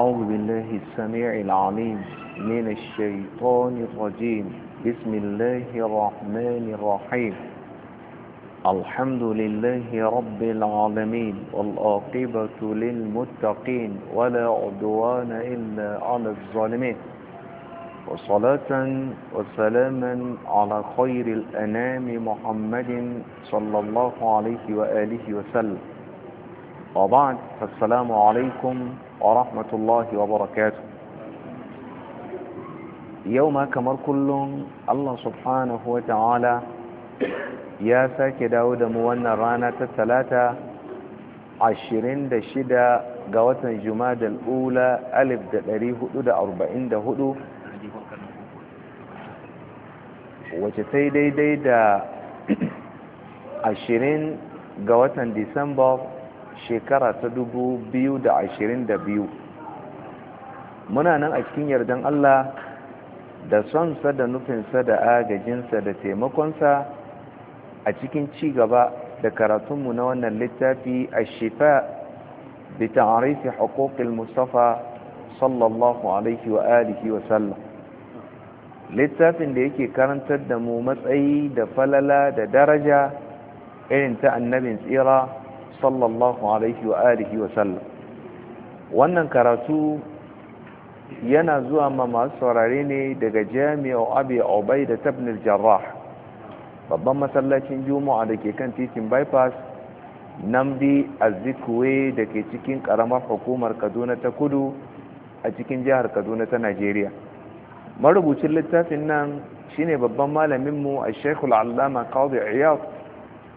أعوذ بالله السميع العليم من الشيطان الرجيم بسم الله الرحمن الرحيم الحمد لله رب العالمين والآقبة للمتقين ولا عدوان إلا على الظالمين وصلاة وسلاما على خير الأنام محمد صلى الله عليه وآله وسلم وبعد فالسلام عليكم ورحمة الله وبركاته يوم كمر كلهم الله سبحانه وتعالى يا ساك داود موانا رانا الثلاثة عشرين دا شدا قوة جماد الأولى ألف دا داريه دا أربعين دا هدو وجتي دي دي دا عشرين قوة ديسمبر shekara ta dubu biyu da da biyu. muna nan a cikin yardan Allah da sonsa da nufinsa da agajinsa da taimakonsa a cikin ci gaba da karatunmu na wannan littafi a shifa bi ta'arifi haƙoƙil mustafa sallallahu alaihi wa alihi wa sallam littafin da yake karantar da mu matsayi da falala da daraja irin ta annabin tsira sallallahu alaihi wa alihi wa sallam wannan karatu yana zuwa ma masu saurare ne daga jami'a abi obai da tabnil jarrah babban masallacin juma'a da ke kan titin bypass namdi azikwe da ke cikin karamar hukumar kaduna ta kudu a cikin jihar kaduna ta najeriya marubucin littafin nan shine babban malaminmu a shekul allama kawai iyaz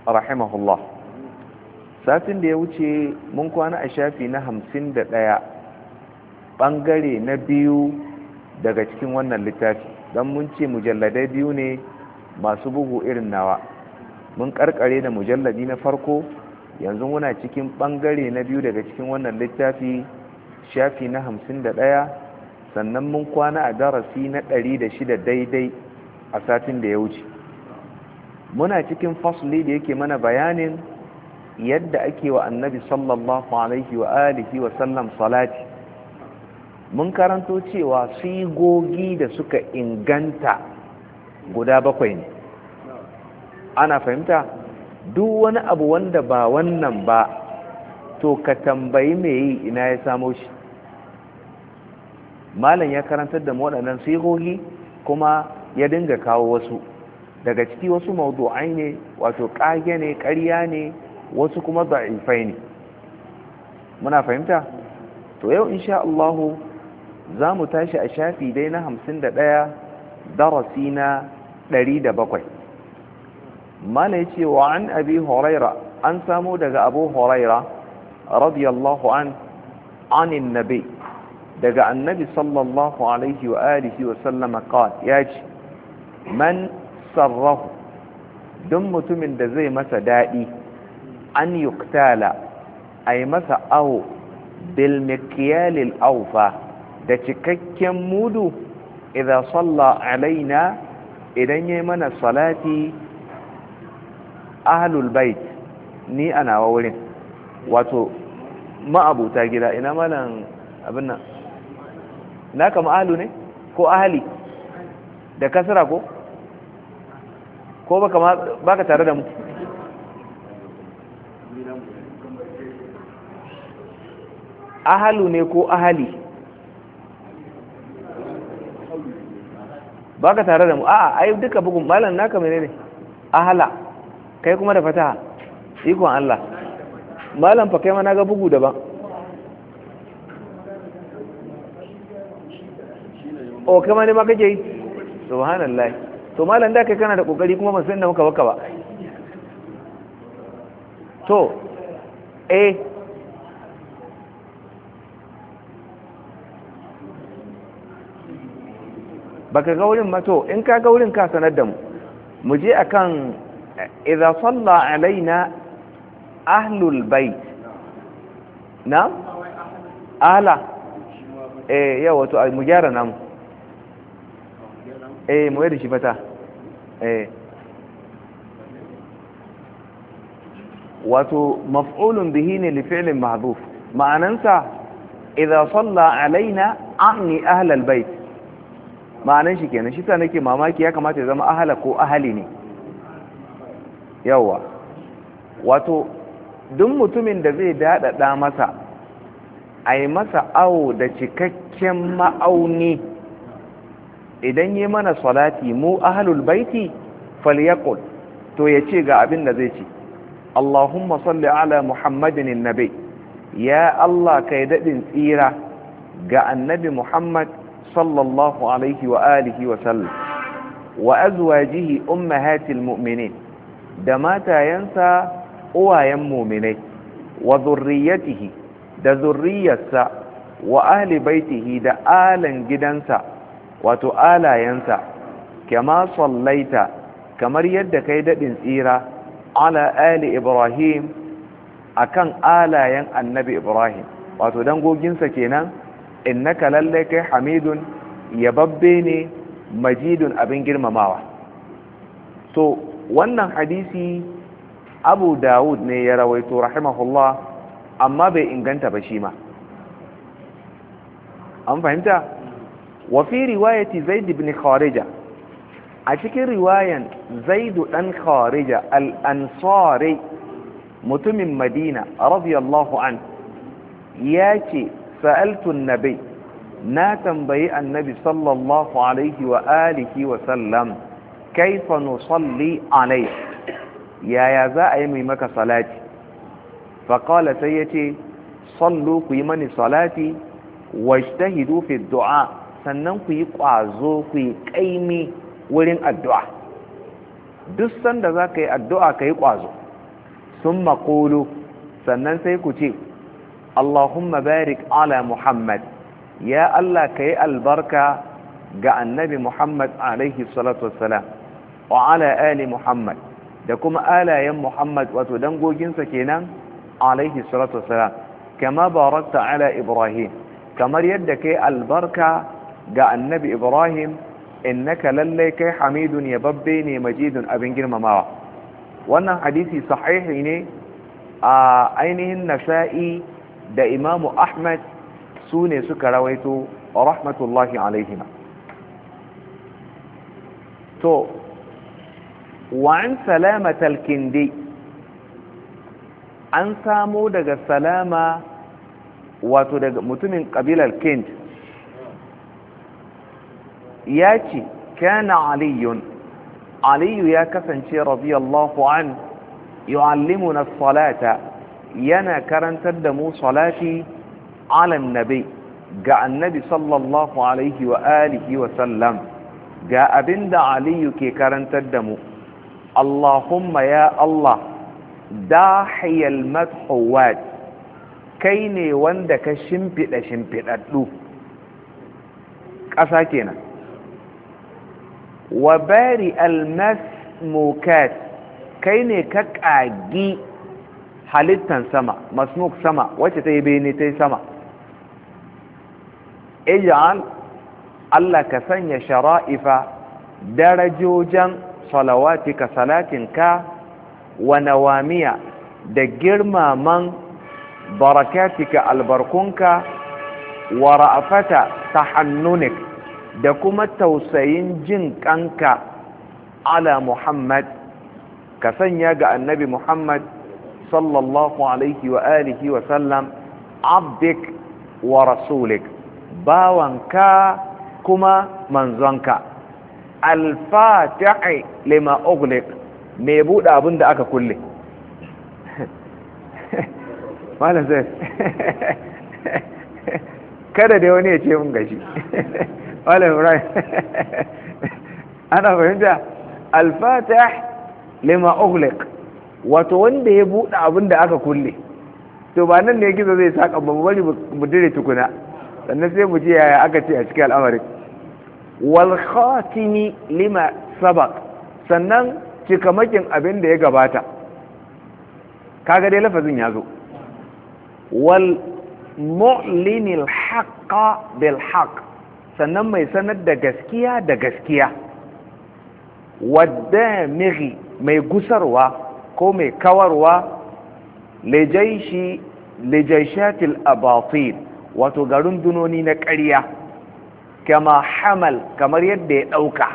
rahimahullah satin da ya wuce mun kwana a shafi na hamsin da ɗaya ɓangare na biyu daga cikin wannan littafi don mun ce mujalladai biyu ne masu bugu irin nawa mun karkare da mujalladi na farko yanzu muna cikin ɓangare na biyu daga cikin wannan littafi shafi na hamsin da ɗaya sannan mun kwana a darasi na ɗari da shida daidai a satin da ya wuce muna cikin fasli da yake mana bayanin yadda ake wa annabi sallallahu alaihi wa alihi wa sallam salati mun karanto cewa sigogi da suka inganta guda bakwai ne ana fahimta duk wani abu wanda ba wannan ba to ka tambayi mai yi ina ya samo shi malam ya karantar da waɗannan sigogi kuma ya dinga kawo wasu daga ciki wasu maudu'ai ne wato ƙage ne ƙarya ne wasu kuma za'ifai ne muna fahimta to yau insha Allah za mu tashi a shafi dai na hamsin da ɗaya darasi na ɗari da bakwai mala ya ce wa an abi horaira an samo daga abu horaira radiyallahu an anin nabi daga annabi sallallahu alaihi wa alihi wa sallama ya ce man sarrahu don mutumin da zai masa daɗi an yuktala a yi masa awo bilmikiyalil aufa da cikakken mudu idan salla alaina idan ya mana salati ahalul bait ni a nawa wurin wato ma'abuta gida ina malan abin nan na kama ahalu ne ko ahali da kasara ko ko baka tare da mu ahalu ne ko ahali ba ka tare da mu a ai duka bugun malam naka mai ne ahala kai kuma da fataha ikon Allah malam fa kai ma naga bugu daban o oh, kai ma ne ma kake yi subhanallah to malam da kai kana da kokari kuma ban san da muka baka ba to eh baka ga wurin mato in ka ga wurin ka sanar da mu mu je akan idza salla alaina ahlul bait na ala eh yawa to mu gyara namu eh mu yadda shi fata eh wato maf'ulun bihi ne li fi'lin mahdhuf ma'anansa idza salla alaina ahni ahlal bait Ma'anin shi kenan shi sa nake mamaki ya kamata ya zama ahala ko ahali ne yawa wato duk mutumin da zai daɗaɗa masa a yi masa awo da cikakken ma'auni idan yi mana salati mu ahalul baiti falyakul to ya ce ga abin da zai ce allahumma salli ala muhammadin nabi ya allah kai daɗin tsira ga annabi muhammad صلى الله عليه وآله وسلم وأزواجه أمهات المؤمنين دماتا ينسى أوايا مؤمنين وذريته da zurriyarsa wa ahli baitihi da alan gidansa wato alayensa kama sallaita kamar yadda kai daɗin tsira ala ali ibrahim akan alayen annabi ibrahim wato dangoginsa kenan innaka lalle kai hamidun yababbe ne majidun abin girmamawa to wannan hadisi abu dawud ne ya rawaito rahimahullah amma bai inganta ba shi ma an fahimta Wafi riwayati zaid ibn kharija a cikin riwayan Zaidu dan kharija al-ansari mutumin madina radiyallahu an ya ce sa'altun nabi na tambayi annabi sallallahu alaihi wa alihi wa sallam kaifa nusalli alai yaya za a yi mai maka salati faƙala sai ya ce sallu ku yi mani salati wajtahidu fi du'a sannan ku yi ƙwazo ku yi ƙaimi wurin addu'a duk sanda za ka yi addu'a ka yi ƙwazo sun maƙolo sannan sai ku ce Allahumma barik ala Muhammad ya Allah ka yi albarka ga annabi Muhammad alaihi salatu wassalam wa ala ali Muhammad da kuma alayen Muhammad wato dangoginsa kenan alaihi salatu wassalam kama barakta ala Ibrahim kamar yadda kai albarka ga annabi Ibrahim innaka lallai kai hamidun ya ne majidun abin girmamawa wannan hadisi sahihi ne a ainihin nasa'i da imamu ahmad su ne suka rawaito rahmatullahi alaihima to wa'an salama talkindi an samo daga salama wato daga mutumin ƙabilar kind ya ce kana aliyun aliyu ya kasance radiyallahu an yu'allimuna salata yana karantar da mu salati alan nabi ga annabi sallallahu alaihi wa alihi wa sallam ga abinda aliyu ke karantar da mu allahumma ya allah dahiyal madhuwat kai ne wanda ka shimfida shimfiɗaɗɗu ƙasa kenan wa bari al masmukat kai ne ka ƙagi halittan sama masmuk sama wacce ta yi bene ta yi sama ija'al Allah ka sanya shara'ifa darajojan salawatika salatinka wa nawamiya da girmaman barakatika albarkunka wa ra'afata tahannunik da kuma tausayin jin kanka ala Muhammad ka sanya ga annabi Muhammad صلى الله عليه وآله وسلم عبدك ورسولك باوانكا كما منزوانكا الفاتح لما أغلق ميبود أبند أكا كله ما لازال kada da wani ya ce mun gashi wala ibrahim ana fahimta al-fatih lima ughliq wato wanda ya buɗe abin da aka kulle to ba nan ne gizo zai saka ba bari mu dire tukuna sannan sai mu ji yaya aka ce a cikin al'amarin wal khatimi lima sabaq sannan cikamakin abin da ya gabata kaga dai lafazin ya zo wal mu'linil haqqa bil haqq sannan mai sanar da gaskiya da gaskiya wadda mai gusarwa ko mai kawarwa lejaishi lejaishatil abatil wato ga rundunoni na ƙarya kama hamal kamar yadda ya ɗauka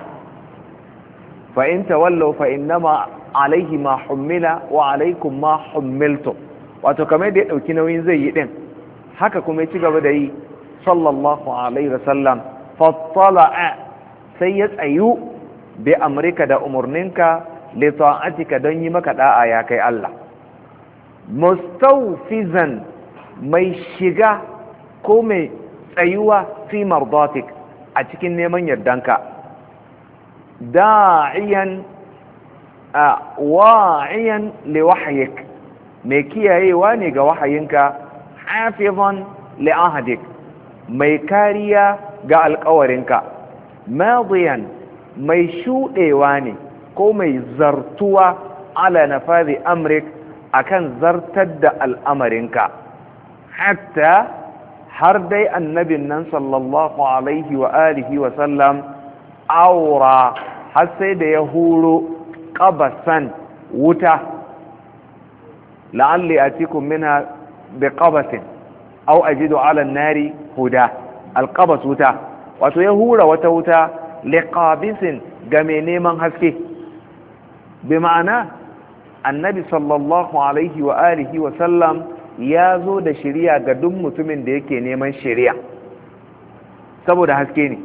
fa'in tawallo fa'in nama alaihi ma hummila wa alaikum ma hummilto wato kamar yadda ya ɗauki nauyin zai yi ɗin haka kuma ya ci gaba da yi sallallahu alaihi wasallam a sai ya tsayu bi amurka da umarninka li ta'atika don yi maka da'a ya kai Allah mustawfizan mai shiga ko mai tsayuwa fi mardatik a cikin neman yardanka da'iyan a wa'iyan li wahyik mai kiyayewa ne ga wahayinka hafizan li ahadik mai kariya ga alkawarinka madiyan mai shuɗewa ne ko mai zartuwa ala nafazi amrik akan zartar da al'amarinka hatta har dai annabin nan sallallahu alaihi wa alihi wa sallam aura har sai da ya huro qabasan wuta la'alli a atikum minha biqabasin aw ajidu ala an-nari huda Alkabas wuta wato ya hura wata wuta liqabisin game neman haske بمعنى النبي صلى الله عليه وآله وسلم يازو دا شريعة قدوم متمن ديكي نيمان شريعة سبو دا حسكيني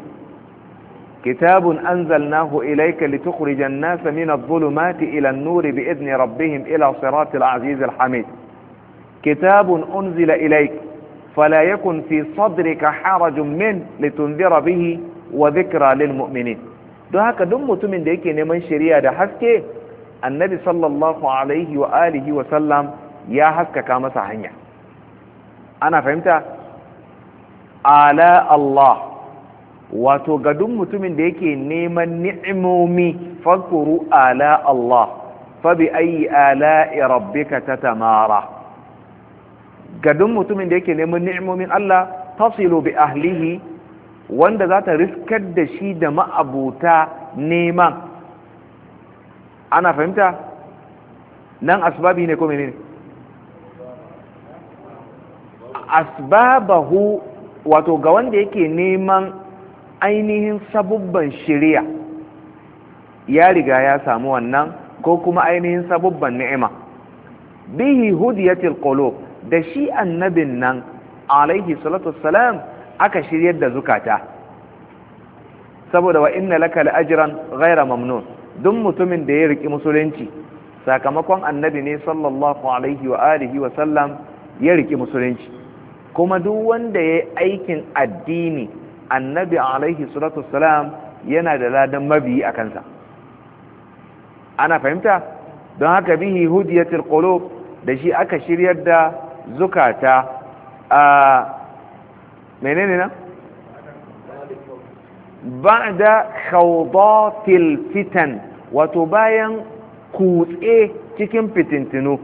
كتاب أنزلناه إليك لتخرج الناس من الظلمات إلى النور بإذن ربهم إلى صراط العزيز الحميد كتاب أنزل إليك فلا يكن في صدرك حرج من لتنذر به وذكرى للمؤمنين دو هكا دمو تمن ديكي نمان شريعة دا حسكي annabi sallallahu alaihi wa alihi wa sallam ya haskaka masa hanya ana fahimta ala Allah wato ga duk mutumin da yake neman ni'imomi fakuru ala Allah fa ayi ala'i rabbika tatamara ga duk mutumin da yake neman ni'imomin Allah tasilu bi ahlihi wanda za ta riskar da shi da ma'abuta neman ana fahimta nan asbabi ne ko menene asbabahu wato ga wanda yake neman ainihin sabubban shirya ya riga ya samu wannan ko kuma ainihin sabubban ni'ima bihi hudiyatil qulub da shi annabin nan alaihi salatu wassalam aka shiryar da zukata saboda wa inna laka ajran ghayra mamnun duk mutumin da ya riki musulunci sakamakon annabi ne sallallahu alaihi wa alihi wa sallam ya riki musulunci kuma duk wanda ya aikin addini annabi alaihi salatu wassalam yana da ladan mabiyi a kansa ana fahimta don haka bihi hudiyatul qulub da shi aka shiryar da zukata a menene nan? ba'da khawdatil fitan wato bayan kutse cikin fitintinu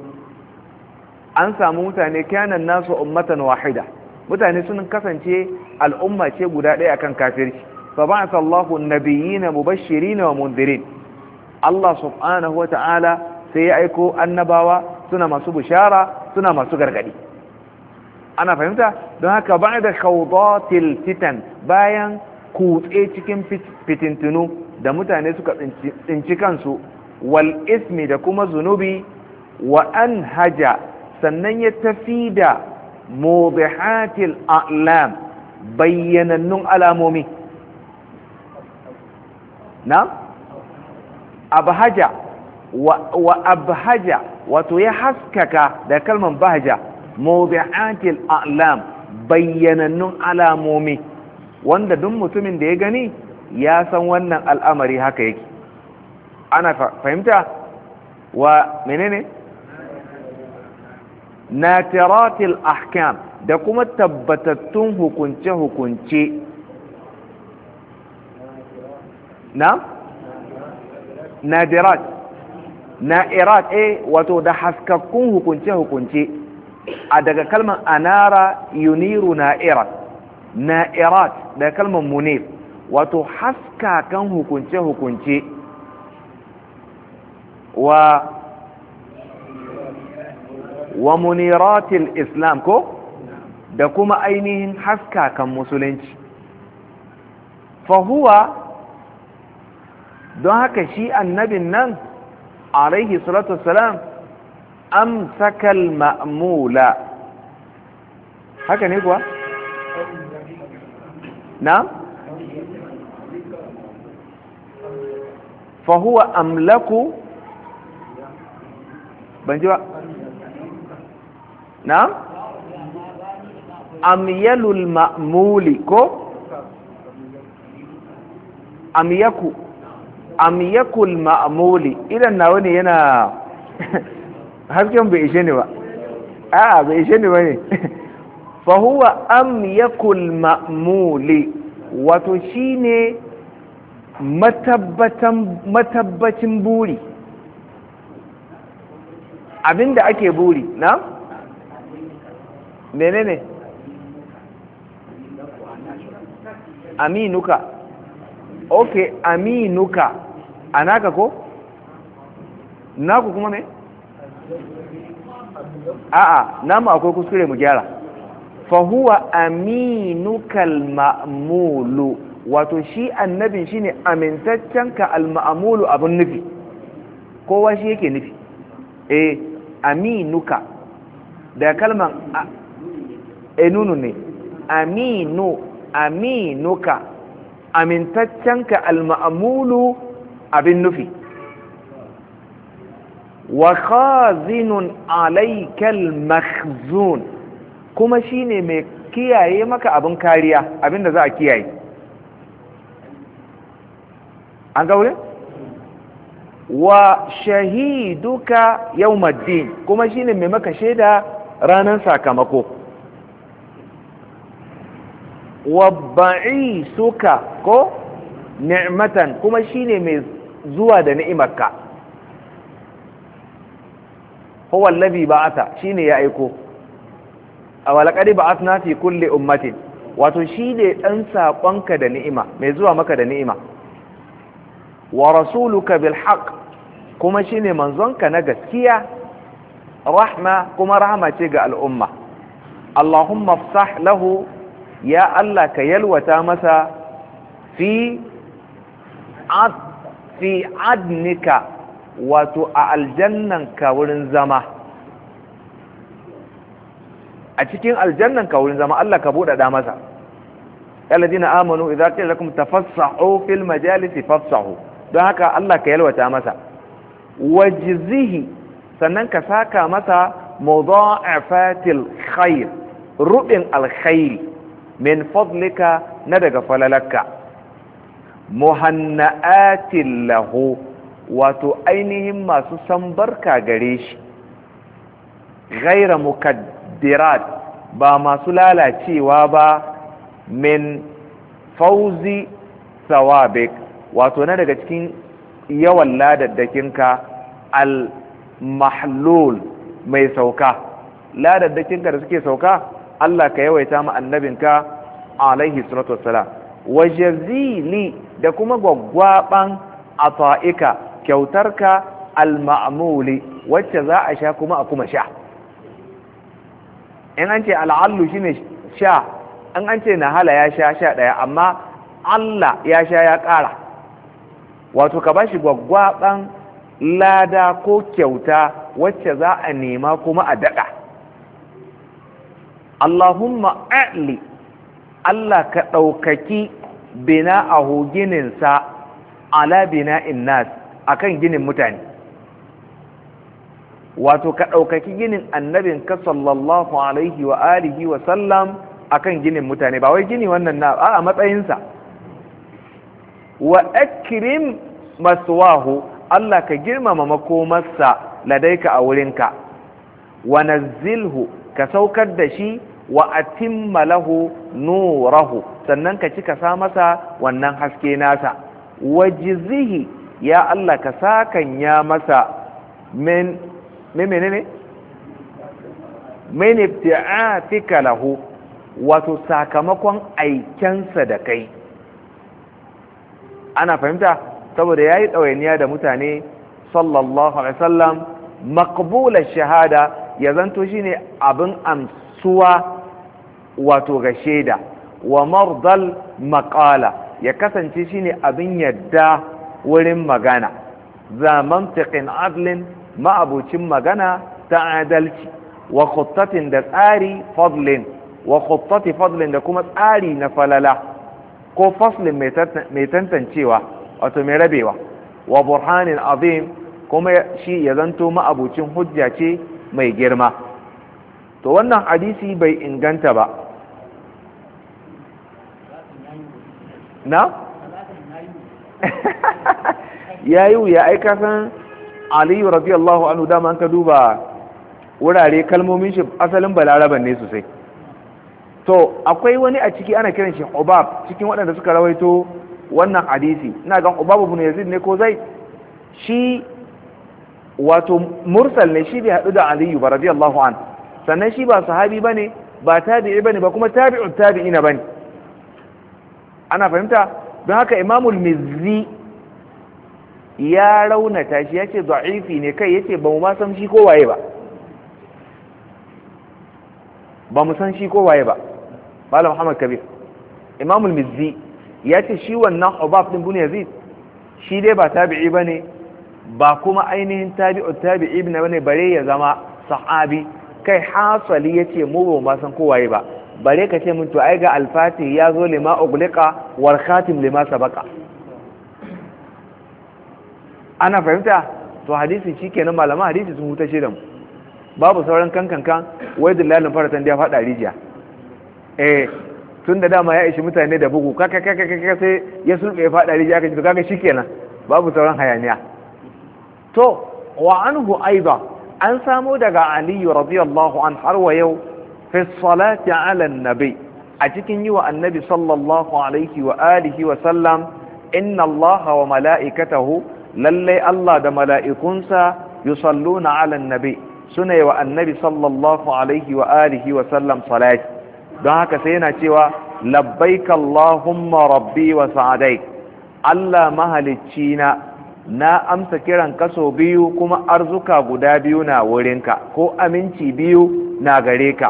an samu mutane kyanan nasu ummatan wahida mutane sun kasance al'umma ce guda ɗaya akan kafirci fa ba'atha Allahu an-nabiyina wa mundirin Allah subhanahu wa ta'ala sai ya aiko annabawa suna masu bishara suna masu gargadi ana fahimta don haka ba'da khawdatil fitan bayan kutse cikin fitintunu da mutane suka tsinci kansu wal ismi da kuma zunubi wa an haja sannan ya tafi da mubihatil a'lam bayyanannun alamomi na abhaja wa abhaja wato ya haskaka da kalman bahaja mubihatil a'lam bayyanannun alamomi wanda duk mutumin da ya gani ya san wannan al'amari haka yake ana fahimta wa menene natiratil ahkam da kuma tabbatattun hukunce-hukunce na? nadirat na'irat eh wato da haskakkun hukunce-hukunce a daga kalmar anara yuniru na'irat na irat da kalmar munif wato haska kan hukunce-hukunce wa wa muniratil islam ko da kuma ainihin haska kan musulunci fahuwa don haka shi annabin nan alaihi salatu wassalam amsakal ma'mula haka ne kuwa? na huwa amlaku ban ji ba na amyalul ma'muli ko amyaku amyakul ma'muli idan nawa ne yana hasken bai ishe ne ba a bai ishe ne ba ne fahuwa am yakul ma'muli wato shine matabbatan matabbacin buri abinda ake buri na menene aminuka ok aminuka anaka ko naku kuma ne a'a namu akwai kuskure mu gyara fahuwa aminukal ma'amulu wato shi annabin shi ne amintaccenka al-ma'amulu abin nufi kowa shi yake nufi e aminuka da kalman e nunu ne aminu aminuka amintaccenka al-ma'amulu abin nufi wa khazinun alaikal makhzun kuma shine mai kiyaye maka abin kariya abin da za a kiyaye an gaure wa shahiduka yawmaddin kuma shine mai maka shaida ranar sakamako wa suka ko ni'matan kuma shine mai zuwa da ni'imarka huwa allazi shi shine ya aiko a walakari ba asna fi kulle ummatin wato shi ne ɗan saƙonka da ni'ima mai zuwa maka da ni'ima wa rasuluka bil haq kuma shi ne manzonka na gaskiya rahma kuma rahama ce ga al'umma allahumma fsah lahu ya Allah ka yalwata masa fi fi adnika wato a aljannanka wurin zama a cikin aljannan ka wurin zama Allah ka buɗaɗa masa alladina amanu idza qila lakum tafassahu fil majalisi fafsahu don haka Allah ka yalwata masa wajzihi sannan ka saka masa mudha'afatil khair rubin alkhairi min fadlika na daga falalaka muhanna'atin lahu wato ainihin masu san barka gare shi gaira mukad dirat ba masu lalacewa ba min fauzi sawabik wato na daga cikin yawan ladaddakinka al mahlul mai sauka ladaddakinka da suke sauka Allah ka yawaita ma annabinka alaihi salatu wassalam wajazili da kuma gwaggwaban ata'ika kyautarka al-ma'muli wacce za a sha kuma a kuma sha in an ce al'allu ne sha in an ce nahala ya sha sha ɗaya amma allah ya sha ya ƙara wato ka bashi gwaggwaɓan lada ko kyauta wacce za a nema kuma a daɗa allahumma a'li allah ka ɗaukaki bina a gininsa ala bina nas akan ginin mutane wato ka ɗaukaki ginin annabin ka sallallahu alaihi wa alihi wa sallam akan ginin mutane ba wai gini wannan na a matsayinsa wa akrim maswahu Allah ka girmama makomarsa ladaika a wurinka wa nazzilhu ka saukar da shi wa atimma lahu nurahu sannan ka cika sa masa wannan haske nasa wajizihi ya Allah ka sakanya masa min me menene mai nifti'atika lahu wato sakamakon aikensa da kai ana fahimta saboda yayi ɗawainiya da mutane sallallahu alaihi wasallam maqbula shahada ya zanto shine abin amsuwa wato ga shaida wa mardal maqala ya kasance shine abin yadda wurin magana za mantiqin adlin ma'abucin magana ta adalci wa khuttatin da tsari fadlin wa khuttati fadlin da kuma tsari na falala ko faslin mai tantancewa wato mai rabewa wa burhanin azim kuma shi ya zanto ma'abucin hujja ce mai girma to wannan hadisi bai inganta ba na? ya aika san aliyu radiyallahu anhu dama an ka duba wurare kalmomin shi asalin balaraban ne sosai to akwai wani a ciki ana kiran shi ubab cikin waɗanda suka rawaito wannan hadisi ina ga ubab ibn yazid ne ko zai shi wato mursal ne shi bai haɗu da aliyu ba radiyallahu an sannan shi ba sahabi bane ba tabi'i bane ba kuma tabi'u tabi'ina bane ana fahimta don haka imamul mizzi ya rauna tashi ya ce da'ifi ne kai ya ce ba mu san shi waye ba ba mu san shi waye ba malam muhammad kabir imamul mizzi ya ce shi wannan obaf din bin yazid shi dai ba tabi'i ba ne ba kuma ainihin tabi'u tabi'i ibn bane bare ya zama sahabi kai hasali ya ce mu ba mu san ko waye ba bare ka ce mun to ai ga alfati ya zo lima ugliqa war khatim lima sabaqa ana fahimta to hadisi shikenan malaman hadisi sun huta shi da mu babu sauran kankankan wai dillalin faratan da ya faɗa rijiya eh tun da dama ya ishi mutane da bugu kaka sai ya sulɓe ya faɗa rijiya aka ji to kaga shikenan babu sauran hayaniya to wa anhu aiba an samo daga aliyu radiyallahu an har wa yau fi salati ala nabi a cikin yi wa annabi sallallahu alaihi wa alihi wa sallam inna allaha wa mala'ikatahu lallai Allah da mala'ikunsa yusalluna ala nabi suna yi wa annabi sallallahu alaihi wa alihi wa sallam salati don haka sai yana cewa labbai Allahumma rabbi wa sa'adai Allah mahalicci na na amsa kiran kaso biyu kuma arzuka guda biyu na wurinka ko aminci biyu na gare ka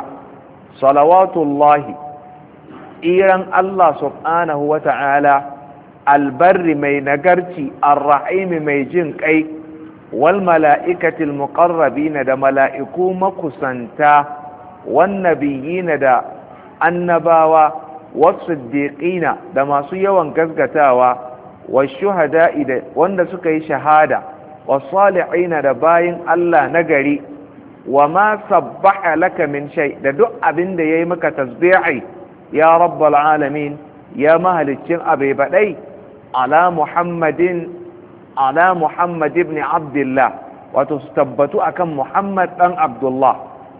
salawatullahi iran Allah subhanahu wa ta'ala albarri mai nagarci arrahimi mai jin kai wal mala'ikatil muqarrabina da mala'iku makusanta wan da annabawa diƙina da masu yawan gasgatawa washuhada'i da wanda suka yi shahada wasalihina da bayin Allah nagari wa ma sabbaha laka min shai da duk abin da yi maka tasbihi ya rabbal alamin ya mahaliccin abai badai ala muhammadin ala muhammad ibn abdullah wato su tabbatu akan muhammad dan abdullah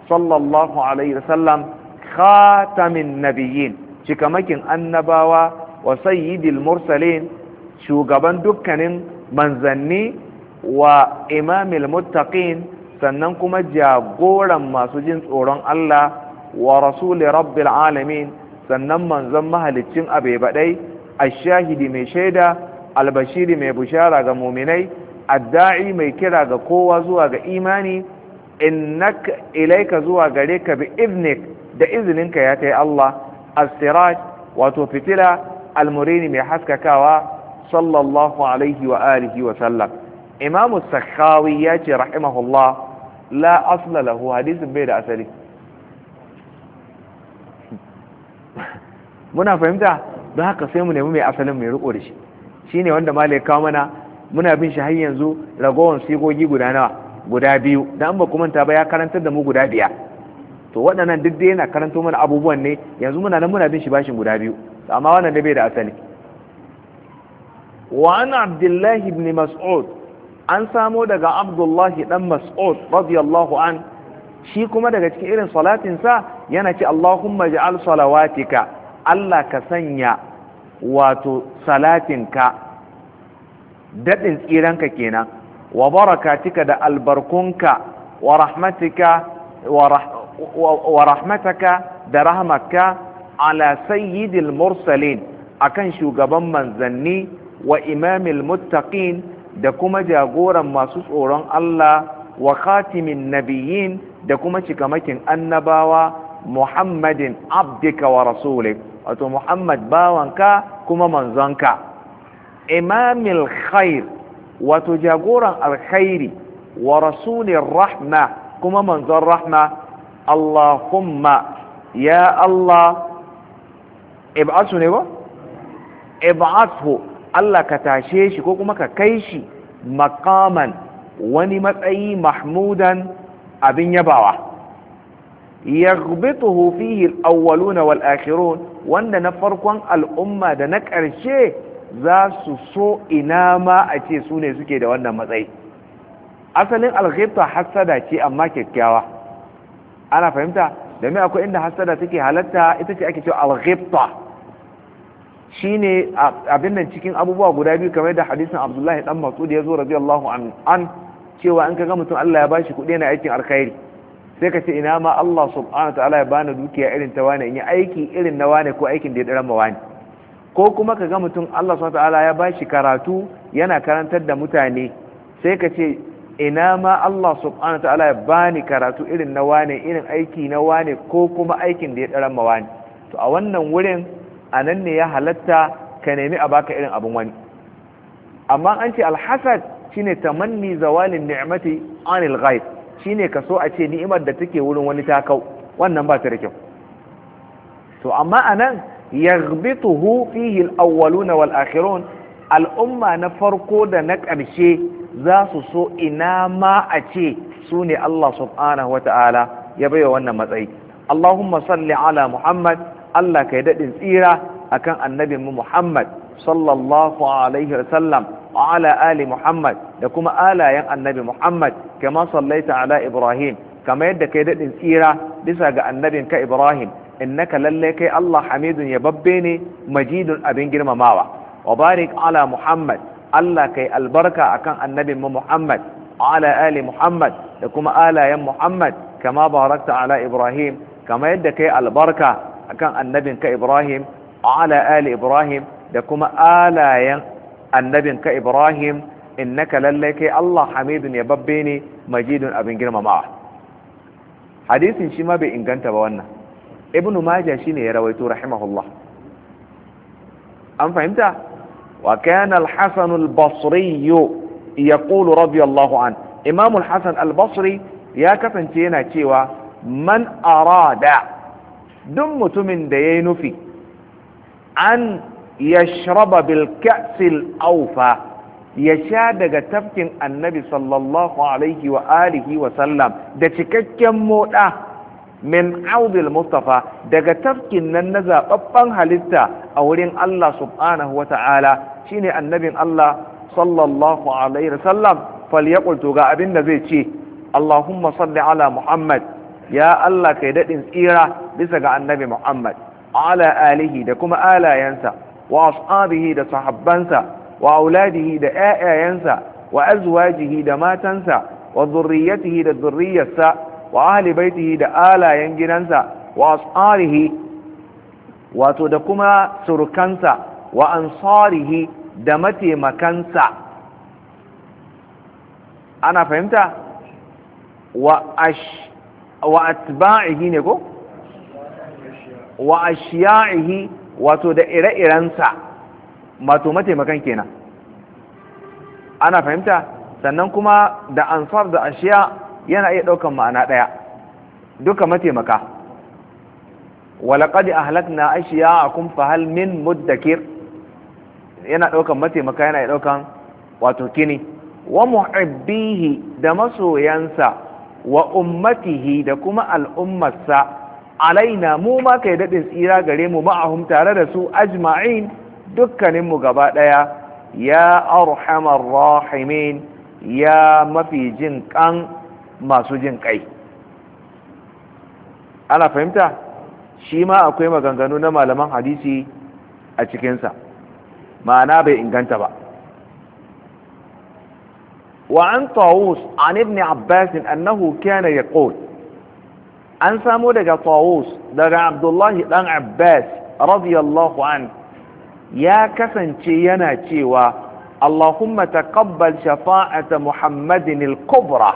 sallallahu alaihi wasallam khatamin nabiyyin cikamakin annabawa wa sayyidil mursalin shugaban dukkanin manzanni wa imamil muttaqin sannan kuma jagoran masu jin tsoron Allah wa rasuli rabbil alamin sannan manzon mahaliccin abe badai ashahidi mai shaida albashiri mai bushara ga muminai adda'i mai kira ga kowa zuwa ga imani innaka ilaika zuwa gare ka bi ibnik da izininka ya kai Allah as-siraj wato fitila almurini mai haskakawa sallallahu alaihi wa wa sallam imamu sakhawi ya ce rahimahullah la asla lahu hadisin bai da asali muna fahimta don haka sai mu nemi mai asalin mai riko da shi Shi ne wanda malai kawo mana muna bin shi har yanzu ragowar sigogi guda nawa guda biyu da an ba kuma ta ba ya karantar da mu guda biya to waɗannan duk dai yana karanto mana abubuwan ne yanzu muna nan muna bin shi bashin guda biyu amma wannan da bai da asali wa an abdullahi ibn mas'ud an samo daga abdullahi dan mas'ud radiyallahu an shi kuma daga cikin irin salatin sa yana ce allahumma ja'al salawatika Allah ka sanya wato salatinka daɗin tsiranka kenan wa barakatika da albarkunka wa rahmatika wa rahmataka da rahmatka ala sayyidil mursalin akan shugaban manzanni wa imamil muttaqin da kuma jagoran masu tsoron Allah wa khatimin nabiyyin da kuma cikamakin annabawa muhammadin abdika wa rasulik wato muhammad bawanka kuma Manzanka. imamil khair wato jagoran alkhairi wa rasulin rahma kuma manzon rahma allahumma ya allah ib'atsu ne ba Allah ka tashe shi ko kuma ka kai shi makaman wani matsayi mahmudan abin yabawa yaghbituhu fihi al-awwaluna wal-akhirun wanda na farkon al'umma da na ƙarshe za su so ina ma a ce su ne suke da wannan matsayi asalin alghibta hasada ce amma kyakkyawa ana fahimta domin akwai inda hasada take halatta ita ce ake cewa alghibta shine abin nan cikin abubuwa guda biyu kamar da hadisin Abdullahi dan Mas'ud ya zo radiyallahu an cewa in ka ga mutum Allah ya bashi kuɗi yana aikin alkhairi sai ka ce ina ma Allah subhanahu ta'ala ya bani dukiya irin ta wani in yi aiki irin na wani ko aikin da ya dara ma wani ko kuma ka ga mutum Allah subhanahu ta'ala ya bashi karatu yana karantar da mutane sai ka ce ina ma Allah subhanahu ta'ala ya bani karatu irin na wani irin aiki na wani ko kuma aikin da ya dara ma wani to a wannan wurin anan ne ya halatta ka nemi a baka irin abin wani amma an ce alhasad shine tamanni zawalin ni'mati anil ghaib shine ka so a ce ni'imar da take wurin wani ta kau wannan ba ta da kyau to amma anan yaghbituhu fihi al-awwaluna wal akhirun al'umma na farko da na ƙarshe za su so ina ma a ce su ne Allah subhanahu wata'ala ya baiwa wannan matsayi Allahumma salli ala Muhammad Allah ka yi daɗin tsira akan mu Muhammad sallallahu alaihi wasallam wa ala ali muhammad da kuma alayen annabi muhammad kama sallaita ala ibrahim kama yadda kai daɗin tsira bisa ga annabin ka ibrahim innaka lalle kai allah hamidun yababbe ne majidun abin girmamawa wa barik ala muhammad allah kai albarka akan annabin mu muhammad wa ala ali muhammad da kuma alayen muhammad kama barakta ala ibrahim kama yadda kai albarka akan annabin ka ibrahim wa ala ali ibrahim da kuma alayen annabinka Ibrahim innaka lallai kai Allah hamidun ya babbe ne majidun abin girmamawa hadisin shi ma bai inganta ba wannan ibn majah shine ya rawaito rahimahullah an fahimta wa kana al-hasan al-basri yaqulu radiyallahu an imam al al-basri ya kasance yana cewa man da, duk mutumin da yayi nufi an ya shraba bil aufa ya sha daga tafkin annabi sallallahu alaihi wa alihi wa sallam da cikakken moda min audil mustafa daga tafkin nan na zababban halitta a wurin Allah subhanahu wa ta'ala shine annabin Allah sallallahu alaihi wa sallam falyaqul to ga abin da zai ce Allahumma salli ala Muhammad ya Allah kai dadin tsira bisa ga annabi Muhammad ala alihi da kuma alayansa wa ashabihi da sahabbansa wa auladihi da ƴaƴayensa wa azwajihi da matansa wa zurriyatihi da zurriyarsa wa ahli baitihi da alayen gidansa wa asarihi wato da kuma surukansa wa ansarihi da mataimakansa ana fahimta wa ash wa atba'ihi ne ko wa ashiya'ihi wato da ire-irensa mato mataimakan kenan ana fahimta sannan kuma da ansar da ashiya yana iya ɗaukan ma'ana ɗaya duka mataimaka walaƙad ahlakna ashiya a kun min muddakir yana ɗaukan mataimaka yana iya ɗaukan wato kini wa muhibbihi da masoyansa wa ummatihi da kuma al'ummarsa alaina mu ma kai daɗin tsira gare mu ma'ahum tare da su ajma'in dukkaninmu gaba ɗaya ya arhamar rahimin ya mafi jin ƙan masu jin ƙai ana fahimta shi ma akwai maganganu na malaman hadisi a cikinsa ma'ana bai inganta ba Wa an طاووس an ibn عباس annahu kana yaqul an samo daga tawus daga abdullahi dan abbas radiyallahu an ya kasance yana cewa allahumma taqabbal shafa'ata muhammadin al-kubra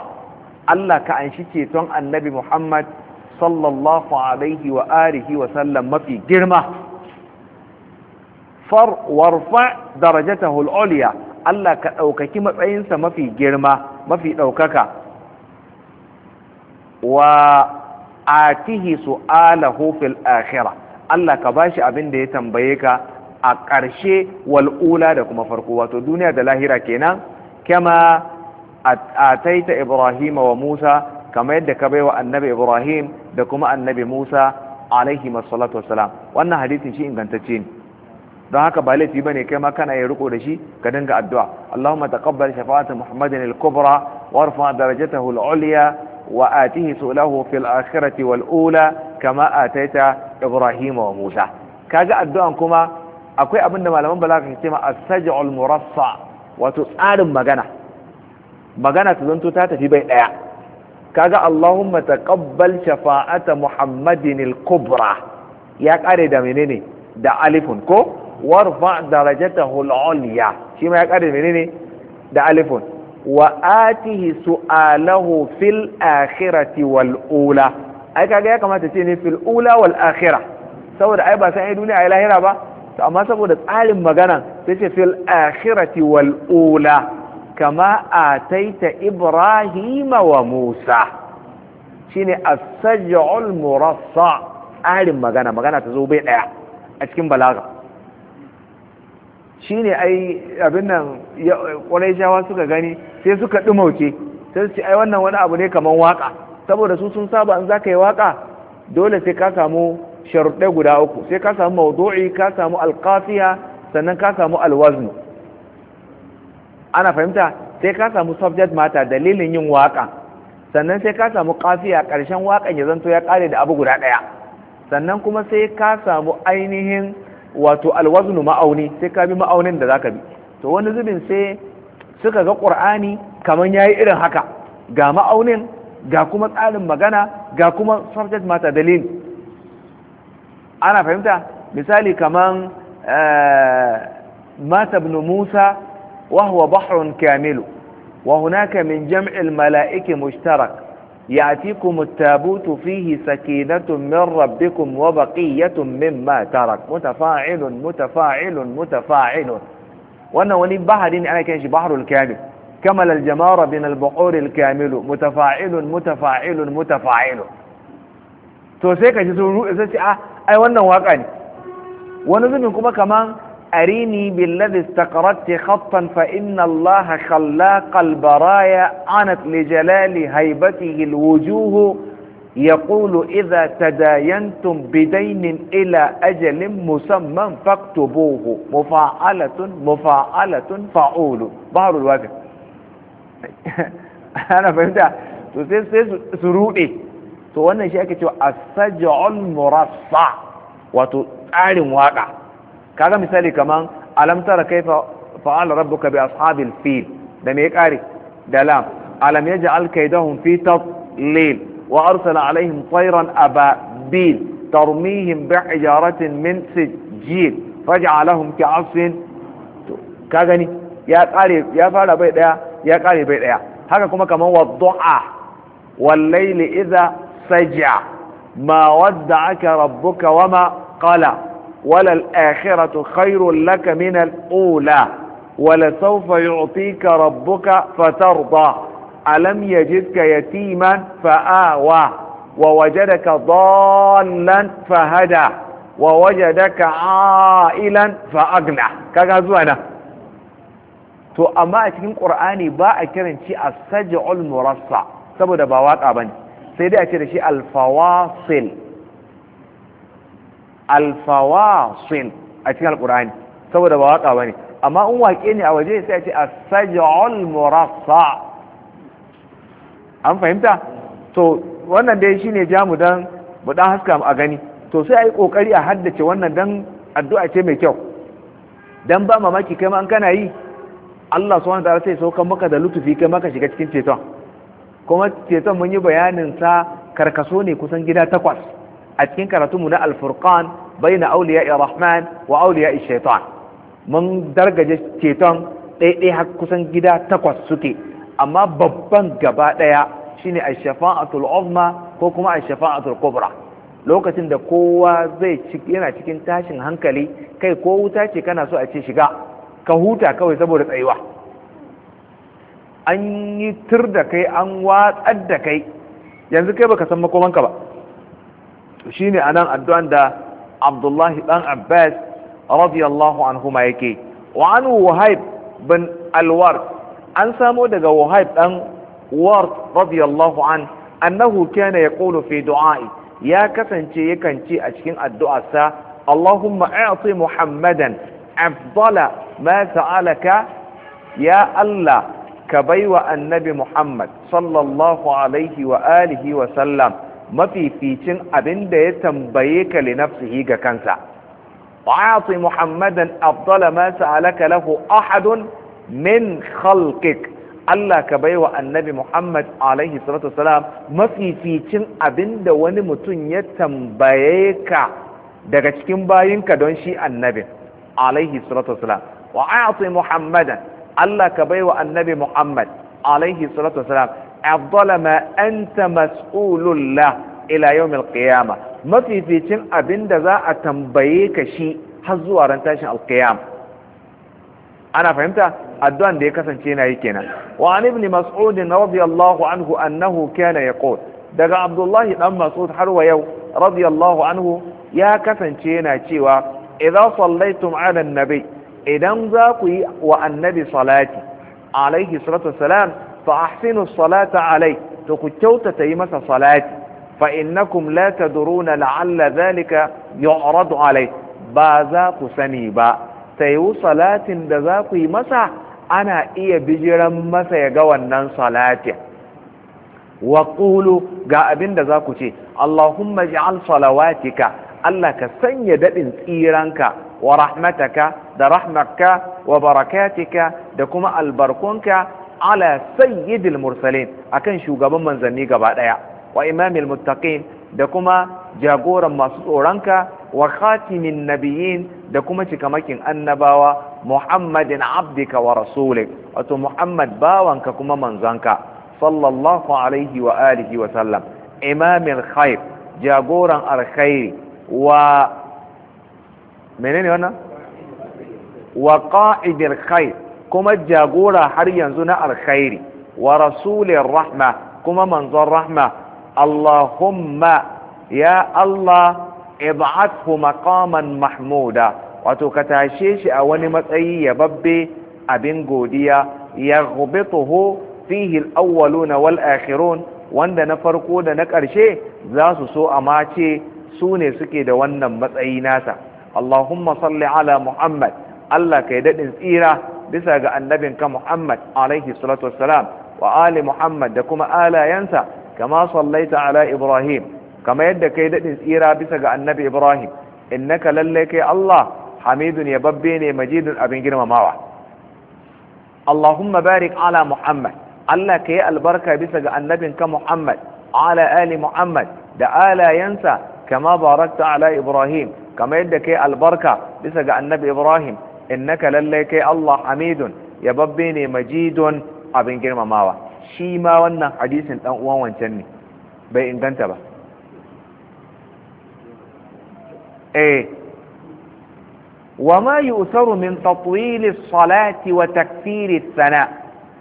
allah ka anshi ceton annabi muhammad sallallahu alaihi wa alihi wa sallam mafi girma far warfa darajatahu al-ulya allah ka ɗaukaki matsayinsa mafi girma mafi ɗaukaka wa atihi su'alahu fil akhirah Allah ka bashi abin da ya tambaye ka a ƙarshe wal'ula da kuma farko wato duniya da lahira kenan kama taita Ibrahim wa Musa kama yadda ka baiwa annabi Ibrahim da kuma annabi Musa alaihi wannan hadisin shi ingantacce ne don haka ba laifi bane kai ma kana yin riko da shi ka dinga addu'a Allahumma taqabbal shafa'ata Muhammadin al-kubra warfa darajatahu al-ulya wa atihi sulahu fil akhirati wal ula kama ataita ibrahim wa musa kaga addu'an kuma akwai abinda malaman balaga ke cewa as-saj'ul murassa wato tsarin magana magana ta zanto ta tafi bai daya kaga allahumma taqabbal shafa'ata muhammadin al-kubra ya kare da menene da alifun ko warfa darajatahu al-ulya shi ma ya kare menene da alifun wa atihi su'alahu fil akhirati wal ula ai kaga ya kamata ce ne fil ula wal akhirah saboda ai ba san ai duniya ai lahira ba to amma saboda tsarin magana sai ce fil akhirati wal ula kama ataita ibrahima wa musa shine as-saj'ul murassa tsarin magana magana ta zo bai daya a cikin balaga shine ai abin nan ƙwarai suka gani sai suka ɗumauke sai su ai wannan wani abu ne kamar waka saboda su sun saba in za ka yi waka dole sai ka samu sharuɗe guda uku sai ka samu maudu'i ka samu alƙafiya sannan ka samu alwaznu ana fahimta sai ka samu subject matter dalilin yin waka sannan sai ka samu ƙafiya ƙarshen wakan ya zanto ya ƙare da abu guda ɗaya sannan kuma sai ka samu ainihin wato alwaznu ma'auni sai ka bi ma'aunin da zaka bi to wani zubin sai suka ga qur'ani kaman yayi irin haka ga ma'aunin ga kuma tsarin magana ga kuma subject matter dalil ana fahimta misali kaman eh, mata ibn musa wa huwa bahrun kamilu wa hunaka min jam'il mala'iki mushtarak يأتيكم التابوت فيه سكينة من ربكم وبقية مما ترك متفاعل متفاعل متفاعل وانا ولي بحر يعني انا كانش بحر الكامل كمل الجمار بين البحور الكامل متفاعل متفاعل متفاعل تو سيكا جسو ji sun ruɗe وانا ce ah كمان أريني بالذي استقردت خطا فإن الله خلاق البرايا عنت لجلال هيبته الوجوه يقول إذا تداينتم بدين إلى أجل مسمى فاكتبوه مفاعلة مفاعلة فعول ظهر الوجه أنا فهمتها سرودي to wannan shi ake cewa asaj'ul kaga misali kaman alam tara kaifa fa'ala rabbuka bi ashabil fil da me kare da lam alam yaj'al kaydahum fi tadlil wa arsala alaihim tayran ababil tarmihim bi hijaratin min sijil faj'alahum ka'asfin ka gani ya kare ya fara bai daya ya kare bai daya haka kuma kaman waddu'a wal layli idha saja ma wadda'aka rabbuka wama qala ولا الآخرة خير لك من الأولى ولسوف يعطيك ربك فترضى ألم يجدك يتيما فآوى ووجدك ضالا فهدى ووجدك عائلا فأقنع كذا زوانا تو أما أتكين قرآني باء كرن شيء السجع المرصع سبو دباوات أبن سيدي أتكين شيء الفواصل alfawasin a cikin alkur'ani saboda ba waka bane amma in wake ne a waje sai a ce a sajul murassa an fahimta to wannan dai shine jamu dan mu dan haska a gani to sai ayi kokari a haddace wannan dan addu'a ce mai kyau dan ba mamaki kai ma an kana yi Allah subhanahu wataala sai kan maka da lutufi kai maka shiga cikin ceton kuma ceton mun yi bayanin sa karkaso ne kusan gida takwas a cikin karatunmu na bai baina auliya rahman wa auliya shaitan mun dargaje ceton ɗaiɗai har kusan gida takwas suke amma babban gaba ɗaya shine a shafa'atul uzma ko kuma a shafa'atul kubra lokacin da kowa zai yana cikin tashin hankali kai ko wuta ce kana so a ce shiga ka huta kawai saboda tsayuwa an yi tur da kai an watsar da kai yanzu kai baka san makomanka ba shine anan addu'an da Abdullahi ɗan Abbas radiyallahu anhuma yake wa an Wahib bin Alwar an samo daga wuhaib ɗan Ward radiyallahu an annahu kana yaqulu fi du'a'i ya kasance yakan ce a cikin addu'arsa Allahumma a'ti Muhammadan afdala ma sa'alaka ya Allah ka baiwa annabi Muhammad sallallahu alaihi wa alihi wa sallam mafificin abin da ya tambaye ka li nafsihi ga kansa wa'ati muhammadan afdala ma sa'alaka lahu ahadun min khalqik Allah ka baiwa annabi Muhammad alaihi salatu wasalam mafificin abin da wani mutum ya tambaye ka daga cikin bayinka don shi annabi, alaihi salatu wasalam wa'ati muhammadan Allah ka baiwa annabi Muhammad alaihi salatu wasalam afdala ma anta mas'ulun la ila yawmil mafificin abinda za a tambaye ka shi har zuwa ran tashin alqiyam ana fahimta addu'an da ya kasance yana yi kenan wa an ibn mas'ud radiyallahu anhu annahu kana yaqul daga abdullahi ɗan mas'ud har wa yau radiyallahu anhu ya kasance yana cewa idza sallaitum ala nabi idan zaku yi wa annabi salati alaihi salatu wassalam fa ahsinu salata alai to ku kyautata yi masa salati fa innakum la tadruna la'alla zalika yu'radu alai ba za ku sani ba sayu salatin da za ku yi masa ana iya bijiran masa yaga wannan salatin wa ga abinda za ku ce Allahumma ij'al salawatika Allah ka sanya daɗin tsiranka wa rahmataka da rahmarka wa barakatika da kuma albarkunka ala sayyidil mursalin akan shugaban manzanni gaba daya wa imamil muttaqin da kuma jagoran masu tsoronka wa khatimin nabiyyin da kuma cikamakin annabawa muhammadin abdika wa rasulik wato muhammad bawanka kuma manzanka sallallahu alaihi wa alihi wa sallam imamil khair jagoran alkhairi wa menene wannan wa qa'idil khair kuma jagora har yanzu na alkhairi wa rasulin rahma kuma manzon rahma Allahumma ya Allah ib'athu maqaman mahmuda wato ka tashe shi a wani matsayi ya yababbe abin godiya yaghbituhu fihi al-awwaluna wal akhirun wanda na farko da na ƙarshe za su so a mace su ne suke da wannan matsayi nasa Allahumma salli ala Muhammad Allah kai daɗin tsira bisa ga annabinka Muhammad alaihi salatu wassalam wa ali Muhammad da kuma alayansa kama sallaita ala Ibrahim kama yadda kai dadin tsira bisa ga annabi Ibrahim innaka lalle kai Allah hamidun yababbe ne majidun abin girmamawa Allahumma barik ala Muhammad Allah kai albarka bisa ga annabinka Muhammad ala ali Muhammad da alayansa kama barakta ala Ibrahim kama yadda kai albarka bisa ga annabi Ibrahim innaka lallai kai Allah ya yababbe ne majidun abin girmamawa shi ma wannan hadisin dan uwan wancan ne bai inganta ba eh wa yusaru min tatwil salati wa takfir sana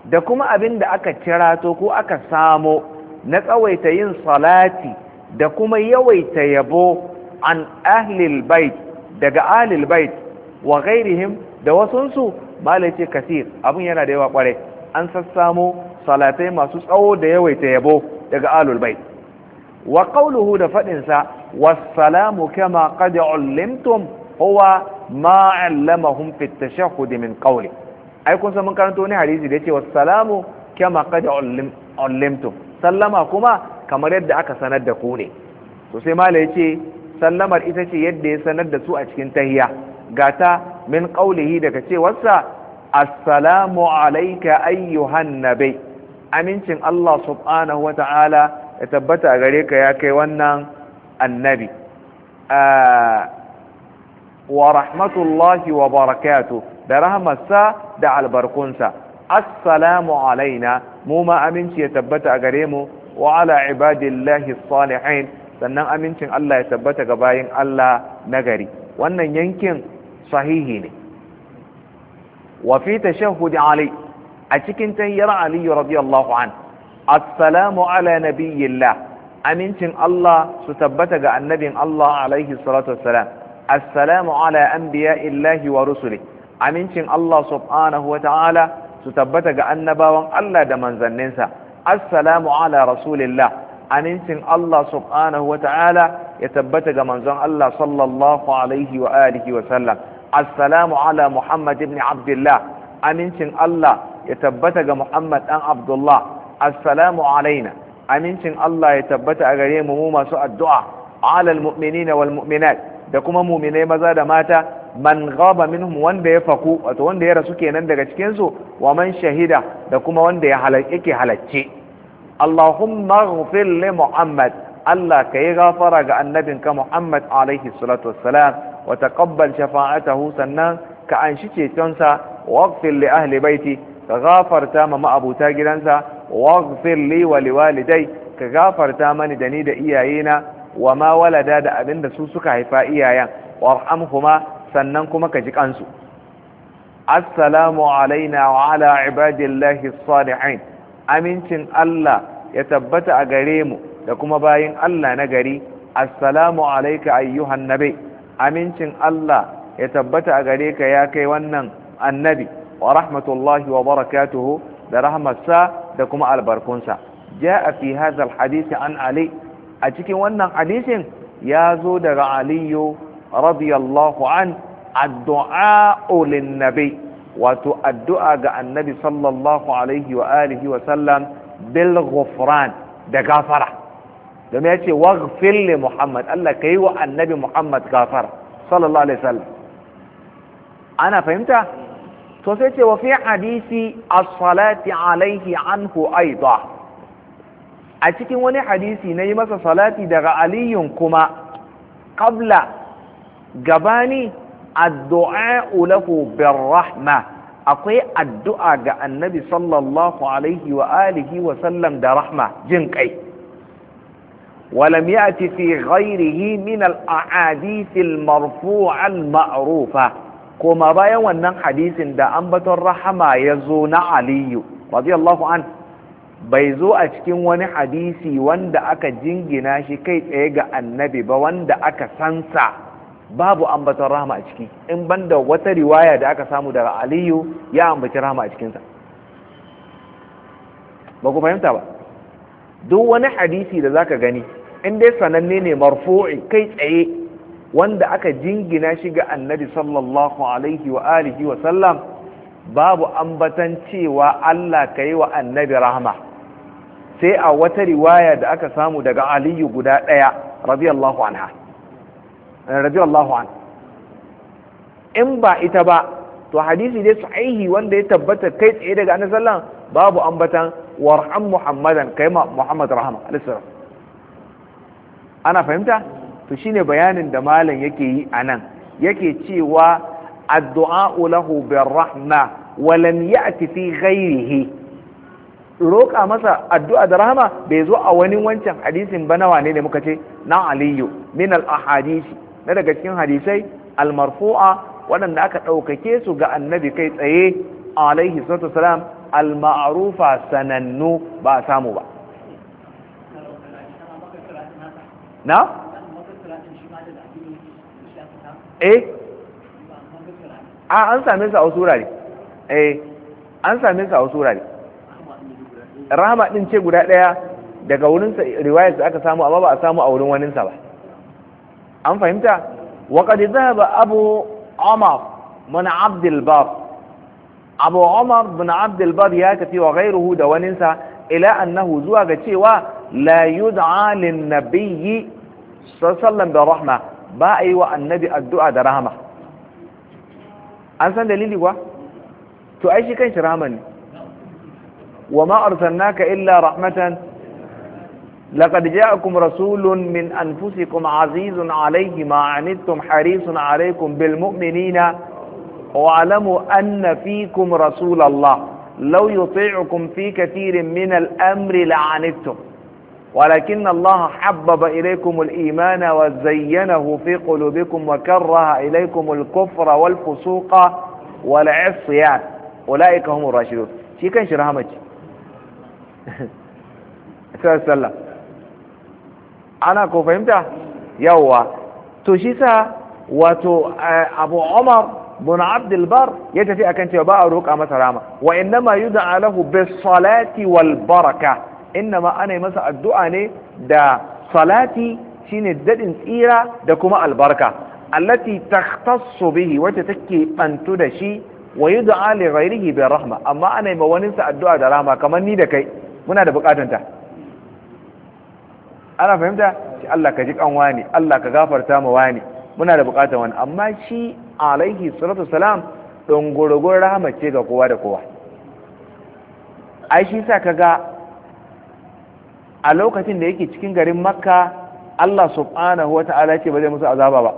da kuma abin da aka cirato ko aka samo na tsawaita yin salati da kuma yawaita yabo an ahlil bait daga ahlil bait wa ghairihim da wasunsu ba laice kasir abin yana da yawa kwarai an sassamo salatai masu tsawo da yawaita yabo daga alul bai wa qawluhu da fadin sa wassalamu kama qad ullimtum huwa ma allamahum fi at-tashahhud min qawli ai kun san mun karanto ne hadisi da yace wassalamu kama qad ullimtum sallama kuma kamar yadda aka sanar da ku ne to sai mala yace sallamar ita ce yadda ya sanar da su a cikin tahiya. gata min ƙaulihi daga cewarsa assalamu alayka ayyuhan nabi amincin Allah subhanahu wata'ala ya tabbata gare ka ya kai wannan annabi wa rahmatullahi wa barakatu. da rahmarsa da albarkunsa assalamu alaina mu ma aminci ya tabbata a gare mu wa ala ibadillahi salihin sannan amincin Allah ya tabbata ga bayin Allah nagari wannan yankin sahihi ne wa fi tashahhud ali a cikin tayyar ali radiyallahu an assalamu ala nabiyillah amincin Allah su tabbata ga annabin Allah alaihi salatu wassalam assalamu ala anbiya'illahi wa rusuli amincin Allah subhanahu wa ta'ala su tabbata ga annabawan Allah da manzanninsa assalamu ala rasulillah amincin Allah subhanahu wa ta'ala ya tabbata ga manzon Allah sallallahu alaihi wa alihi wa sallam assalamu ala muhammad ibn abdullah amincin Allah ya tabbata ga muhammad dan abdullah assalamu alaina amincin Allah ya tabbata a gare mu masu addu'a ala almu'minina wal mu'minat da kuma mu'minai maza da mata man ghaba minhum wanda ya faku wato wanda ya rasu kenan daga cikin su wa man shahida da kuma wanda ya halake halacce Allahumma ighfir li Muhammad Allah ka yi gafara ga annabinka Muhammad alaihi salatu wassalam wa taqabbal shafa'atahu sannan ka anshi cetonsa waghfir li ahli baiti ka gafarta ma ma'abuta gidansa waghfir li wa liwalidai ka gafarta mani da ni da iyayena wa ma walada da abinda su suka haifa iyayen warhamhuma sannan kuma ka ji kansu assalamu alaina wa ala ibadillahi salihin amincin Allah ya tabbata a gare mu da kuma bayin Allah na gari assalamu alayka ayyuhan nabi amincin Allah ya tabbata a gare ka ya kai wannan annabi wa rahmatullahi wa barakatuhu da rahmatsa da kuma albarkunsa a fi hadha hadisi an ali a cikin wannan hadisin ya zo daga aliyu radiyallahu an addu'a lin nabi wato addu'a ga annabi sallallahu alaihi wa alihi wa sallam bil ghufran da gafara domin ya ce waghfir li muhammad Allah kai wa annabi muhammad gafar sallallahu alaihi wasallam ana fahimta to sai ce wa fi hadisi as-salati alaihi anhu aida a cikin wani hadisi na yi masa salati daga aliyun kuma qabla gabani addu'a lahu birrahma akwai addu'a ga annabi sallallahu alaihi wa alihi wa sallam da rahma jin kai ولم يأت في غيره من الأحاديث المرفوعة المعروفة كما بايا ونن حديث دا ya zo na علي رضي الله عنه bai zo a cikin wani hadisi wanda aka jingina shi kai tsaye ga annabi ba wanda aka sansa babu ambaton rahama a ciki in banda wata riwaya da aka samu daga aliyu ya ambaci rahama a cikinsa ba ku fahimta ba duk wani hadisi da zaka gani in dai sananne ne marfu'i kai tsaye wanda aka jingina shi ga annabi sallallahu alaihi wa alihi wa sallam babu ambatan cewa Allah ka yi wa annabi rahma sai a wata riwaya da aka samu daga aliyu guda ɗaya radiyallahu anha eh, radiyallahu anha in ba ita ba to hadisi dai sahihi wanda ya tabbata kai tsaye daga annabi sallallahu babu ambatan warham muhammadan kai ma muhammad rahama alaihi ana fahimta to shine bayanin da malam yake yi anan yake cewa addu'a lahu birrahma wa ya'ti fi ghairihi roƙa masa addu'a da rahama bai zo a wani wancan hadisin ba nawa ne da muka ce na aliyu min al ahadisi na daga cikin hadisai al marfu'a waɗanda aka ɗaukake su ga annabi kai tsaye alaihi salatu wasalam al ma'rufa sanannu ba samu ba na? eh ah, an sami sa a ne. eh an same sa a wasu rahama din ce guda daya daga wurin sa riwayar da aka samu amma ba a samu a wurin waninsa ba an fahimta wa qad dhahaba abu umar min abd al abu umar bin abd al ya kace wa ghayruhu da waninsa ila annahu zuwa ga cewa لا يدعى للنبي صلى الله عليه وسلم بالرحمة با والنبي أيوة الدعاء درهمة أنسان دليلي هو تؤيشي كيش رحمة وما أرسلناك إلا رحمة لقد جاءكم رسول من أنفسكم عزيز عليه ما عنتم حريص عليكم بالمؤمنين واعلموا أن فيكم رسول الله لو يطيعكم في كثير من الأمر لعنتم ولكن الله حبب إليكم الإيمان وزينه في قلوبكم وكره إليكم الكفر والفسوق والعصيان أولئك هم الراشدون شي كان شرها مجي سلام سلام أنا كو فهمت يوا تشيسا وتو آه، أبو عمر بن عبد البر يتفئ كانت يباع روك أمس وإنما يدعى له بالصلاة والبركة inna ma ana yi masa addu'a ne da salati shine dadin tsira da kuma albarka allati takhtassu bihi wacce take bantu da shi wa yud'a li ghairihi bi rahma amma ana yi ma wani sa addu'a da rahma kamar ni da kai muna da bukatun ta ana fahimta shi Allah ka ji kan Allah ka gafarta ma wani muna da bukatun wani amma shi alaihi salatu salam don gurgur rahama ce ga kowa da kowa ai shi sa kaga a lokacin da yake cikin garin makka Allah subhanahu Ta'ala, ce ba zai musu azaba ba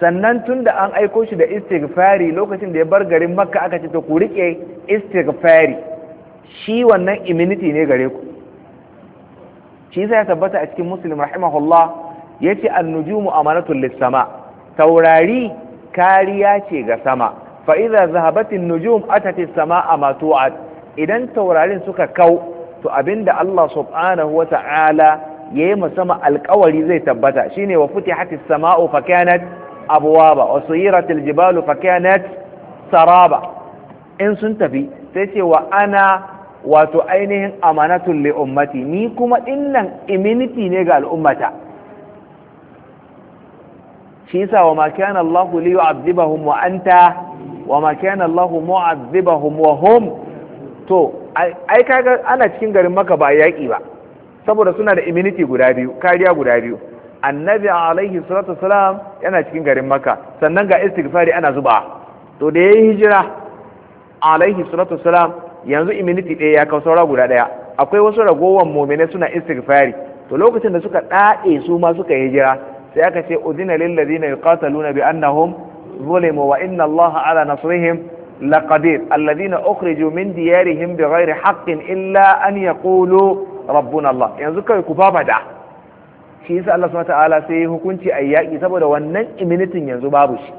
sannan tun da an aiko shi da istighfari lokacin da ya bar garin makka aka ce ta ku rike istighfari shi wannan immunity ne gare ku shi sai ya tabbata a cikin muslim rahimahullah yace an-nujumu amanatul lis-sama taurari kariya ce ga sama fa zahabatin nujum atati sama, samaa matu'at idan taurarin suka kau to abinda Allah subhanahu wata'ala yi musama alƙawari zai tabbata shine wa futihatis sama'u fa kanat wa suyiratil jibalu fakanat saraba in sun tafi sai ce wa ana wato ainihin amanatun li ummati ni kuma dinnan iminiti ne ga al'ummata shi yasa wa ma kana Allah li yu'adhibahum wa anta wa ma kana Allah mu'adhibahum wa hum to ai kaga ana cikin garin maka ba yaki ba saboda suna da immunity guda biyu kariya guda biyu annabi alaihi salatu wasalam yana cikin garin maka sannan ga istighfari ana zuba to da yayi hijira alaihi salatu wasalam yanzu immunity ɗaya ya kawo saura guda ɗaya akwai wasu ragowan mu'mine suna istighfari to lokacin da suka ɗaɗe su ma suka hijira sai aka ce udina lil ladina yuqataluna bi annahum zulimu wa inna allaha ala nasrihim لقدير الذين أخرجوا من ديارهم بغير illa anya kolo يقولوا ربنا الله يعني كي كفافة دا shi yasa Allah subhanahu sai ya hukunci a yaki, saboda wannan immunitin yanzu babu shi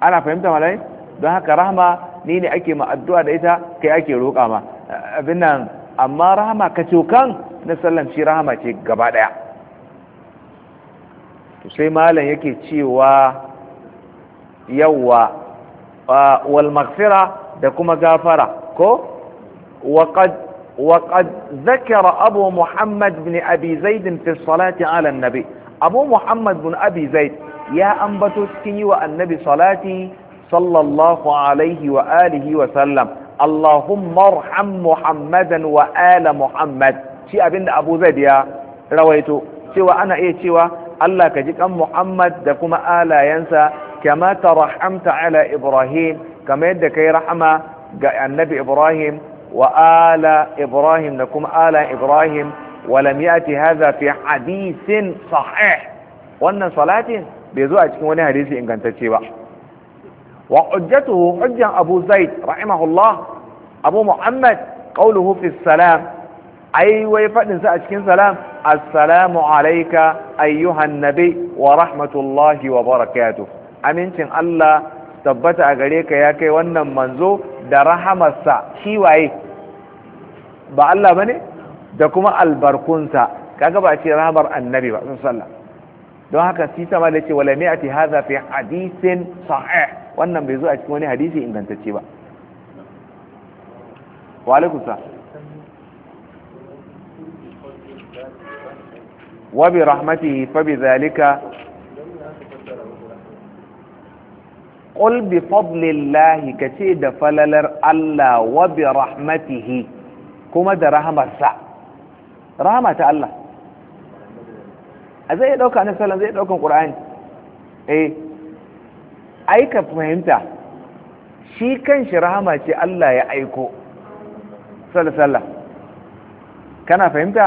ana fahimta malai don haka Rahma ni ne ke ma addu'a da ita kai ake roƙa ma abin nan amma Rahma ka cokan na sallam shi Rahma ce gaba ɗaya sai malam yake cewa yawwa walmaghfira da kuma gafara ko waƙad zakara abu muhammad bin abi zaidin fi salati ala nabi abu muhammad bin abi zaid ya ambato cikin yi wa annabi salati sallallahu alaihi wa alihi wa sallam allahumma arham muhammadan wa ala muhammad shi abinda abu zaid ya rawaito cewa ana iya cewa allah ka ji kan muhammad da kuma alayansa كما ترحمت على إبراهيم كما يدك رحمة النبي إبراهيم وآل إبراهيم لكم آل إبراهيم ولم يأتي هذا في حديث صحيح وأن صلاة بيزوء أتكون حديث إن كانت تشيبا وحجته حجة أبو زيد رحمه الله أبو محمد قوله في السلام أي أيوة، ويفأن سأتكين سلام السلام عليك أيها النبي ورحمة الله وبركاته amincin Allah tabbata a gare ka ya kai wannan manzo da rahamarsa shi waye ba Allah bane da kuma albarkunsa kaga ba ce rahamar annabi ba sallallahu don haka shi sama da ce wala mi'ati haza fi hadithin sahih wannan bai zo a cikin wani hadisi ingantacce ba wa alaikum wa bi rahmatihi fa zalika qul bi fadlillahi kace da falalar Allah wa bi kuma da rahamarsa rahama ta Allah a zai dauka na sallan zai eh, ka fahimta shi kanshi rahama ce Allah ya aiko kana fahimta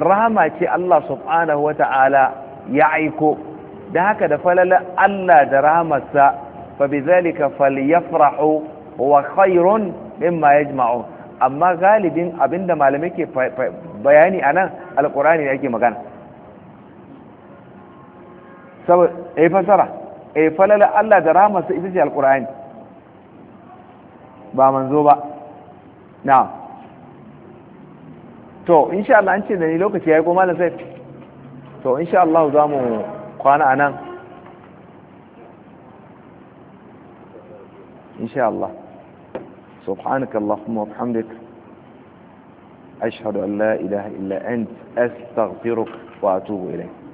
rahama ce Allah subhanahu ta'ala ya aiko da haka da falala Allah da rahamarsa فبذلك فليفرحوا هو خير مما يجمعون amma galibin abinda malamai ke bayani a nan alkurani da ake magana saboda ya fasara ya falala Allah da ramarsa ita ce alkurani ba manzo ba na to insha Allah an ce da ni lokaci ya yi goma na sai to insha Allah za mu kwana a nan إن شاء الله سبحانك اللهم وبحمدك أشهد أن لا إله إلا أنت أستغفرك وأتوب إليك